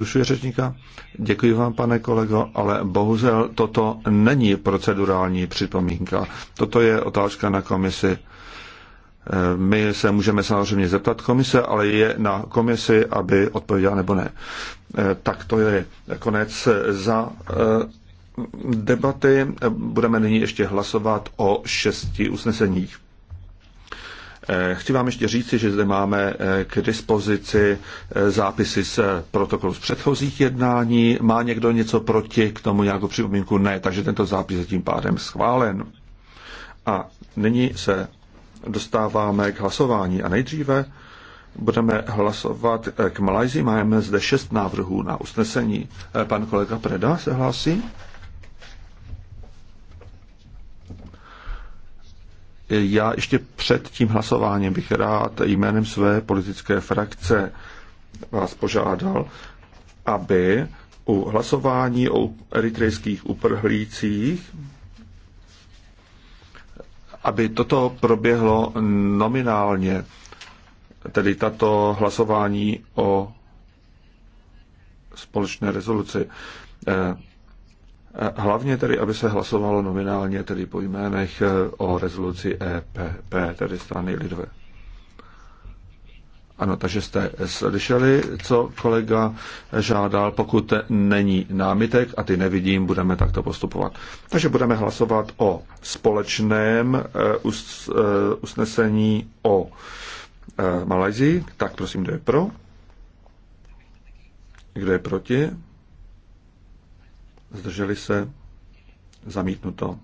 Dušuje řečníka. Děkuji vám, pane kolego, ale bohužel toto není procedurální připomínka. Toto je otázka na komisi. Eh, my se můžeme samozřejmě zeptat komise, ale je na komisi, aby odpověděla nebo ne. Eh, tak to je konec za eh, debaty. Budeme nyní ještě hlasovat o šesti usneseních. Eh, chci vám ještě říci, že zde máme eh, k dispozici eh, zápisy z protokolu z předchozích jednání. Má někdo něco proti k tomu nějakou připomínku? Ne, takže tento zápis je tím pádem schválen. A nyní se dostáváme k hlasování. A nejdříve budeme hlasovat k Malajzi. Máme zde šest návrhů na usnesení. Pan kolega Preda se hlásí. Já ještě před tím hlasováním bych rád jménem své politické frakce vás požádal, aby u hlasování o eritrejských uprhlících, aby toto proběhlo nominálně, tedy tato hlasování o společné rezoluci. Eh, Hlavně tedy, aby se hlasovalo nominálně, tedy po jménech eh, o rezoluci EPP, tedy strany lidové. Ano, takže jste slyšeli, co kolega žádal. Pokud není námitek a ty nevidím, budeme takto postupovat. Takže budeme hlasovat o společném eh, eh, usnesení o Malajzii. Tak prosím, kdo je pro? Kdo je proti? zdrželi se, zamítnuto.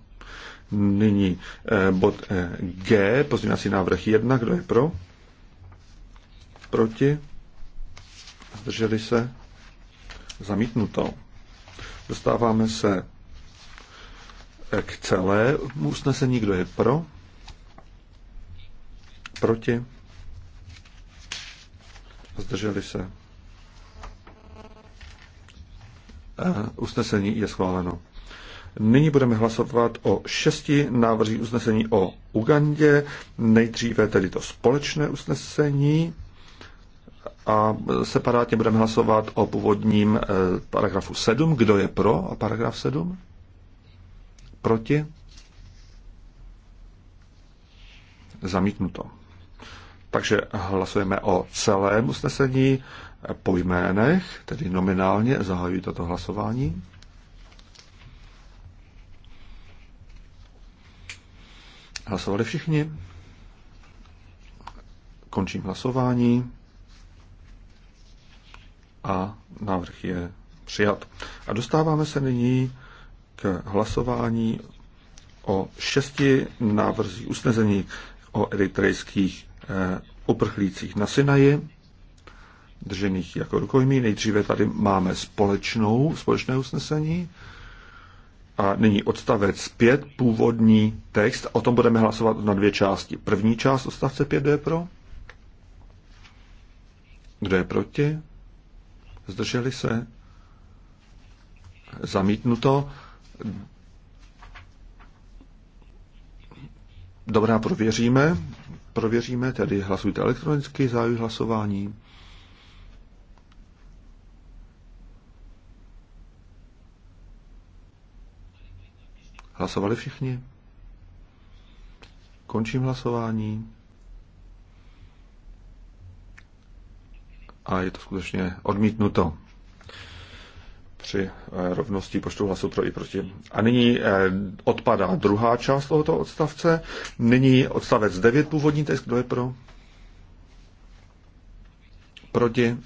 Nyní eh, bod eh, G, pozměňovací návrh 1, kdo je pro? Proti? Zdrželi se? Zamítnuto. Dostáváme se eh, k celé usnesení, kdo je pro? Proti? Zdrželi se? Eh, usnesení je schváleno. Nyní budeme hlasovat o šesti návrzích usnesení o Ugandě. Nejdříve tedy to společné usnesení a separátně budeme hlasovat o původním eh, paragrafu 7. Kdo je pro a paragraf 7? Proti? Zamítnuto. Takže hlasujeme o celém usnesení po jménech, tedy nominálně zahajují toto hlasování. Hlasovali všichni? Končím hlasování a návrh je přijat. A dostáváme se nyní k hlasování o šesti návrzích usnezení o eritrejských eh, uprchlících na Sinaji držených jako rukojmí. Nejdříve tady máme společnou, společné usnesení a nyní odstavec 5, původní text. O tom budeme hlasovat na dvě části. První část odstavce 5, kdo je pro? Kdo je proti? Zdrželi se? Zamítnuto? Dobrá, prověříme. Prověříme, tedy hlasujte elektronicky, zájuj hlasování. Hlasovali všichni? Končím hlasování. A je to skutečně odmítnuto při eh, rovnosti počtu hlasů pro i proti. A nyní eh, odpadá druhá část tohoto odstavce. Nyní odstavec 9 původní text. Kdo je pro? Proti?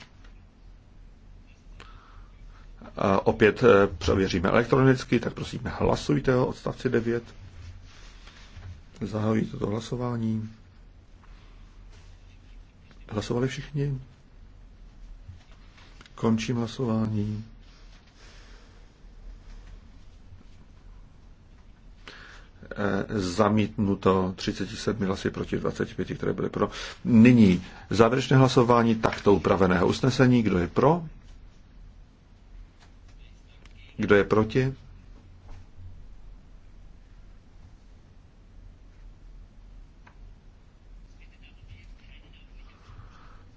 Opět eh, prověříme elektronicky, tak prosím hlasujte o odstavci 9. Zahajuji toto hlasování. Hlasovali všichni? Končím hlasování. Eh, zamítnuto 37 hlasy proti 25, které byly pro. Nyní závěrečné hlasování takto upraveného usnesení. Kdo je pro? Kdo je proti?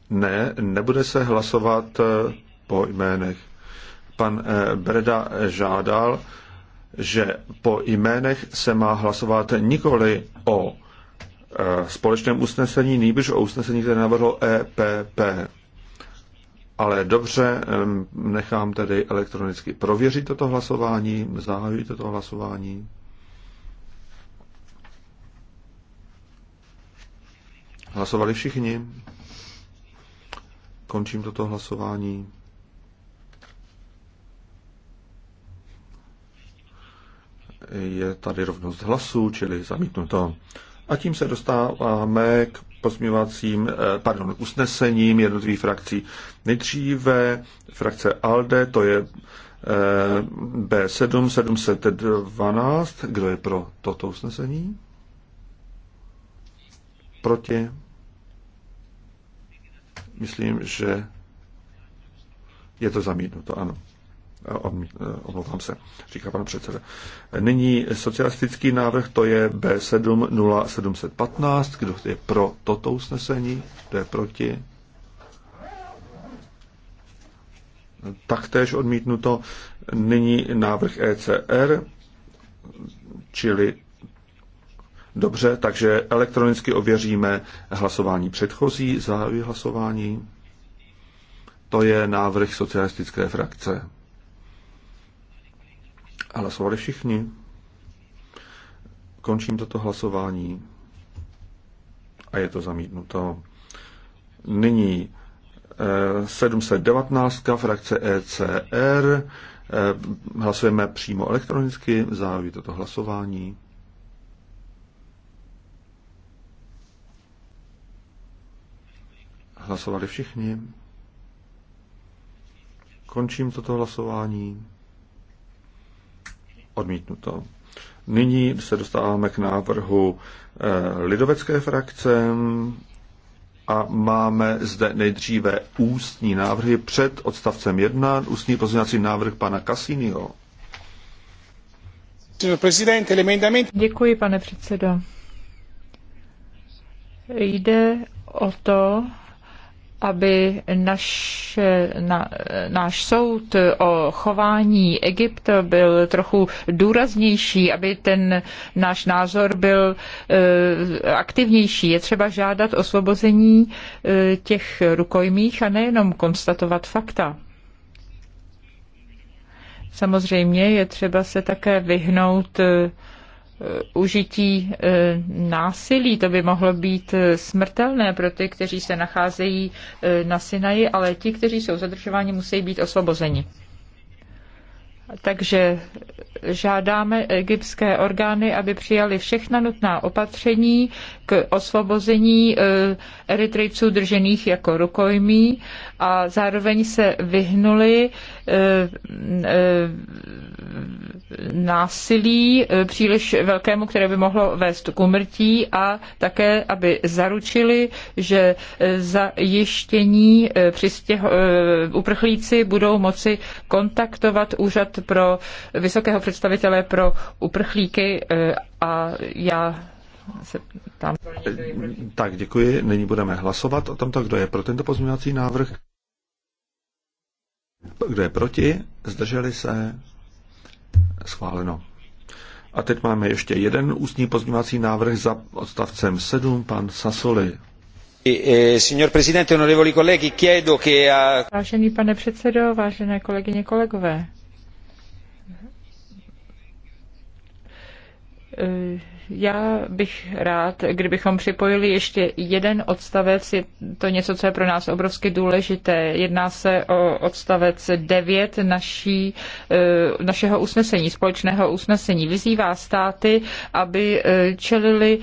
Ne, nebude se hlasovat eh, po jménech. Pan eh, Breda eh, žádal, že po jménech se má hlasovat nikoli o společném usnesení, nejbrž o usnesení, které navrhlo EPP. Ale dobře, nechám tedy elektronicky prověřit toto hlasování, zahajuji toto hlasování. Hlasovali všichni. Končím toto hlasování. Je tady rovnost hlasů, čili zamítnuto. A tím se dostáváme k pozměvacím, eh, pardon, usnesením jednotlivých frakcí. Nejdříve frakce ALDE, to je eh, B7 712. Kdo je pro toto usnesení? Proti? Myslím, že je to zamítnuto, ano. Eh, eh, omlouvám se, říká pan předseda. Nyní socialistický návrh, to je B70715. Kdo je pro toto usnesení? Kdo je proti? Taktéž odmítnuto. Nyní návrh ECR, čili dobře, takže elektronicky ověříme hlasování předchozí, zahajuji hlasování. To je návrh socialistické frakce. Hlasovali všichni. Končím toto hlasování a je to zamítnuto. Nyní 719. Eh, frakce ECR. Eh, hlasujeme přímo elektronicky, zároveň toto hlasování. Hlasovali všichni. Končím toto hlasování. Odmítnuto. Nyní se dostáváme k návrhu eh, lidovecké frakce a máme zde nejdříve ústní návrhy před odstavcem 1, ústní pozměňovací návrh pana Cassiniho. Děkuji, pane předsedo. Jde o to, aby naš, na, náš soud o chování Egypta byl trochu důraznější, aby ten náš názor byl e, aktivnější. Je třeba žádat osvobození e, těch rukojmích a nejenom konstatovat fakta. Samozřejmě je třeba se také vyhnout e, E, užití e, násilí. To by mohlo být e, smrtelné pro ty, kteří se nacházejí na Sinaji, ale ti, kteří jsou zadržováni, musí být osvobozeni. Takže žádáme egyptské orgány, aby přijali všechna nutná opatření k osvobození Eritrejců držených jako rukojmí a zároveň se vyhnuli násilí e, příliš velkému, které by mohlo vést k umrtí a také, aby zaručili, že e, zajištění e, přistěho, uprchlíci budou moci kontaktovat úřad pro vysokého představitele pro uprchlíky a já se tam. Tak, děkuji. Nyní budeme hlasovat o tomto, kdo je pro tento pozměňovací návrh. Kdo je proti? Zdrželi se? Schváleno. A teď máme ještě jeden ústní pozměňovací návrh za odstavcem 7, pan Sasoli. E, Vážený pane předsedo, vážené kolegyně, kolegové, Eh, já bych rád, kdybychom připojili ještě jeden odstavec, je to něco, co je pro nás obrovsky důležité. Jedná se o odstavec 9 naší, eh, našeho usnesení, společného usnesení. Vyzývá státy, aby eh, čelili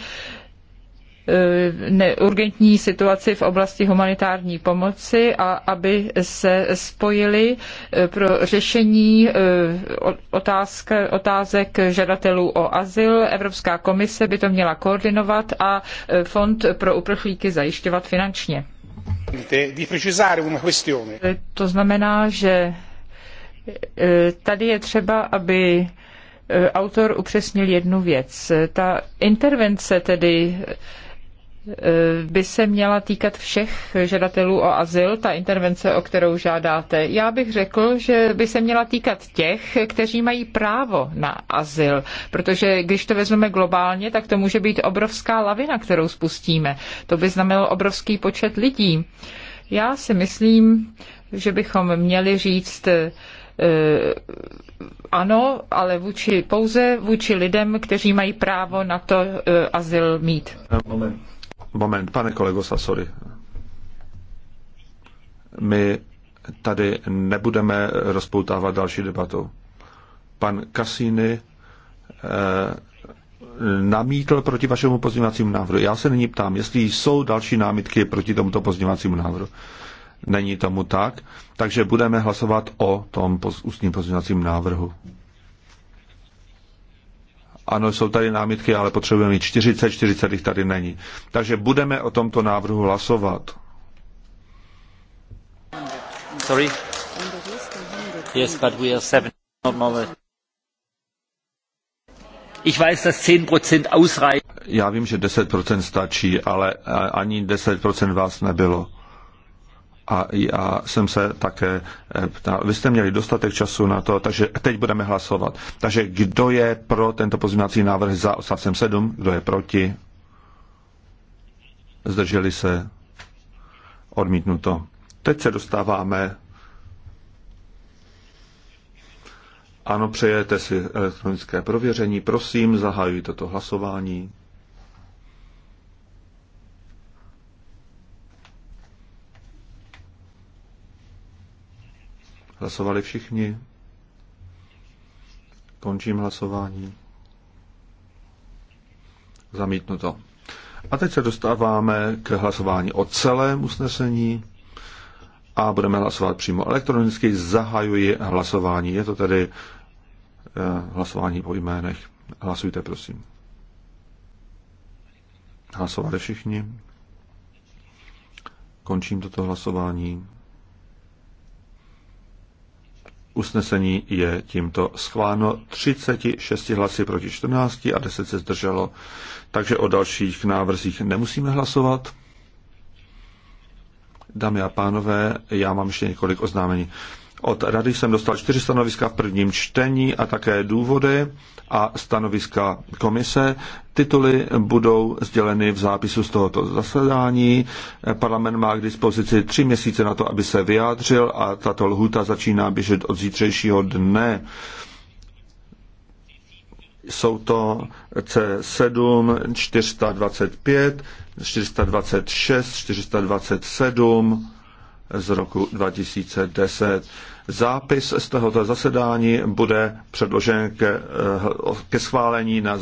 Eh, urgentní situaci v oblasti humanitární pomoci a aby se spojili eh, pro řešení eh, otázek žadatelů o azyl. Evropská komise by to měla koordinovat a Fond pro uprchlíky zajišťovat finančně. To znamená, že tady je třeba, aby autor upřesnil jednu věc. Ta intervence tedy Eh, by se měla týkat všech žadatelů o azyl, ta intervence, o kterou žádáte. Já bych řekl, že by se měla týkat těch, kteří mají právo na azyl, protože když to vezmeme globálně, tak to může být obrovská lavina, kterou spustíme. To by znamenalo obrovský počet lidí. Já si myslím, že bychom měli říct, eh, ano, ale vůči, pouze vůči lidem, kteří mají právo na to eh, azyl mít. Moment. Moment, pane kolego Sasory. My tady nebudeme rozpoutávat další debatu. Pan Cassini eh, namítl proti vašemu pozměňovacímu návrhu. Já se nyní ptám, jestli jsou další námitky proti tomuto pozměňovacímu návrhu. Není tomu tak, takže budeme hlasovat o tom ústním pozměňovacím návrhu. Ano, jsou tady námitky, ale potřebujeme mít 40, 40 jich tady není. Takže budeme o tomto návrhu hlasovat. Sorry? Yes, but we are seven. No, no, no. Ich weiß, dass 10% ausreicht. Já vím, že 10% stačí, ale eh, ani 10% vás nebylo a já jsem se také eh, ptal, vy jste měli dostatek času na to, takže teď budeme hlasovat. Takže kdo je pro tento pozměňovací návrh za odstavcem 7, kdo je proti? Zdrželi se? Odmítnuto. Teď se dostáváme Ano, přejete si elektronické prověření. Prosím, zahajuji toto hlasování. Hlasovali všichni. Končím hlasování. Zamítnuto. A teď se dostáváme k hlasování o celém usnesení a budeme hlasovat přímo elektronicky. Zahajuji hlasování. Je to tedy eh, hlasování po jménech. Hlasujte, prosím. Hlasovali všichni. Končím toto hlasování. Usnesení je tímto schváleno 36 hlasy proti 14 a 10 se zdrželo, takže o dalších návrzích nemusíme hlasovat. Dámy a pánové, já mám ještě několik oznámení. Od rady jsem dostal čtyři stanoviska v prvním čtení a také důvody a stanoviska komise. Tituly budou sděleny v zápisu z tohoto zasedání. Parlament má k dispozici tři měsíce na to, aby se vyjádřil a tato lhůta začíná běžet od zítřejšího dne. Jsou to C7 425, 426, 427, z roku 2010. Zápis z tohoto zasedání bude předložen ke, eh, ke schválení na